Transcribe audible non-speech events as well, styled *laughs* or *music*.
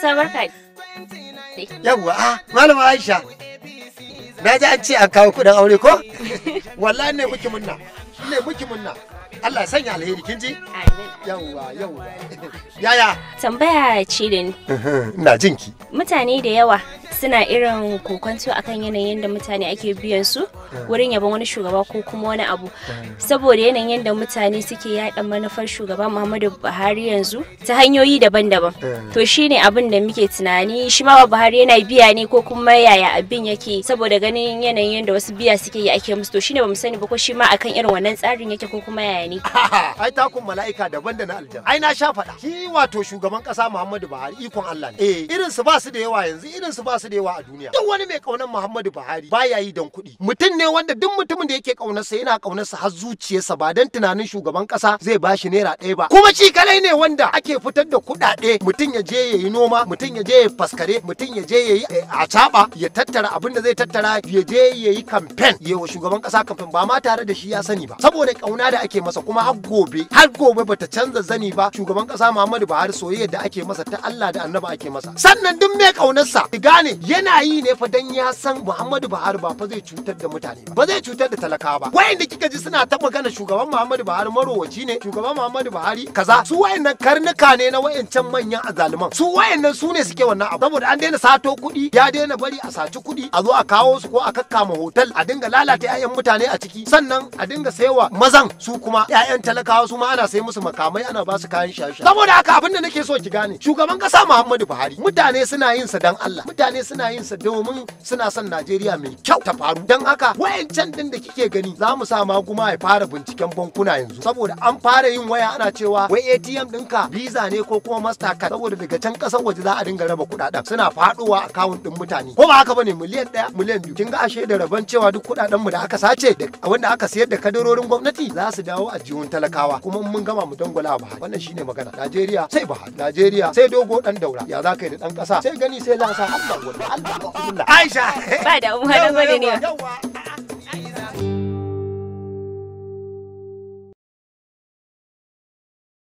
matasa barka yawwa a ah, malama aisha na ji an ce an kawo kuɗin aure ko *laughs* wallahi ne muke munna ne muke munna Allah sanya alheri kin ji yawwa yawwa *laughs* yaya tambaya ce da ni ina jinki mutane da yawa suna irin kokwanto akan yanayin da mutane ake biyan su wurin yaban wani shugaba ko kuma wani abu saboda yanayin da mutane suke yaɗa manufar shugaba muhammadu buhari yanzu ta hanyoyi daban-daban to shine abin da muke tunani shi ma buhari yana biya ne ko kuma yaya abin yake saboda ganin yanayin da wasu biya suke yi ake musu to shine bamu sani ba ko shi ma akan irin wannan tsarin yake ko kuma yaya ne *laughs* ai takun mala'ika daban da na aljanna ai na sha faɗa shi wato shugaban ƙasa muhammadu buhari ikon allah ne eh irin su ba su da yawa yanzu irin su ba su da a duniya duk wani mai kaunar Muhammadu Buhari ba ya yi don kuɗi mutum ne wanda duk mutumin da yake kaunarsa yana sa har zuciyarsa ba dan tunanin shugaban kasa zai bashi naira ɗaya ba kuma shi kalai ne wanda ake fitar da kuɗaɗe mutum ya je ya yi noma mutum ya je ya faskare mutum ya je ya yayi eh, caɓa ya tattara abin da zai tattara ya je yayi kamfen ya wa shugaban kasa kamfen ba ma tare da shi ya sani ba saboda kauna da ake masa kuma har gobe har gobe bata canza zani ba shugaban kasa Muhammadu Buhari soyayya da ake masa ta Allah da annaba ake masa sannan duk mai kaunarsa gane yana yi ne fa dan ya san Muhammadu Buhari ba fa zai cutar da mutane ba zai cutar da talakawa ba wayanda kika ji suna ta magana shugaban Muhammadu Buhari marowaci ne shugaban Muhammadu Buhari kaza su wayannan karnuka ne na wayancan manyan azaluman su wayannan su ne suke wannan abu saboda an daina sato kuɗi ya daina bari a saci kuɗi a zo a kawo su ko a kakkama hotel a dinga lalata 'ya'yan mutane a ciki sannan a dinga saiwa mazan su kuma 'ya'yan talakawa su ma ana sai musu makamai ana ba su kayan shasha saboda haka abin da nake so ki gane shugaban kasa Muhammadu Buhari mutane suna yin sa dan Allah mutane suna yin sa domin suna son Najeriya mai kyau ta faru dan haka wayancan din da kike gani za mu sa ma kuma ya fara binciken bankuna yanzu saboda an fara yin waya ana cewa wai ATM ɗinka Visa ne ko kuma Mastercard saboda daga can ƙasar waje za a dinga raba kuɗaɗen suna faɗowa akawun ɗin mutane ko ba haka bane miliyan ɗaya miliyan biyu kin ga ashe da rabon cewa duk kuɗaɗen mu da aka sace da wanda aka sayar da kadarorin gwamnati za su dawo a jihun talakawa kuma mun gama mu dangwala ba wannan shine magana Najeriya sai ba Najeriya sai dogo dan daura ya za da dan ƙasa sai gani sai lasa Allah Aisha. Ba da umma da ne.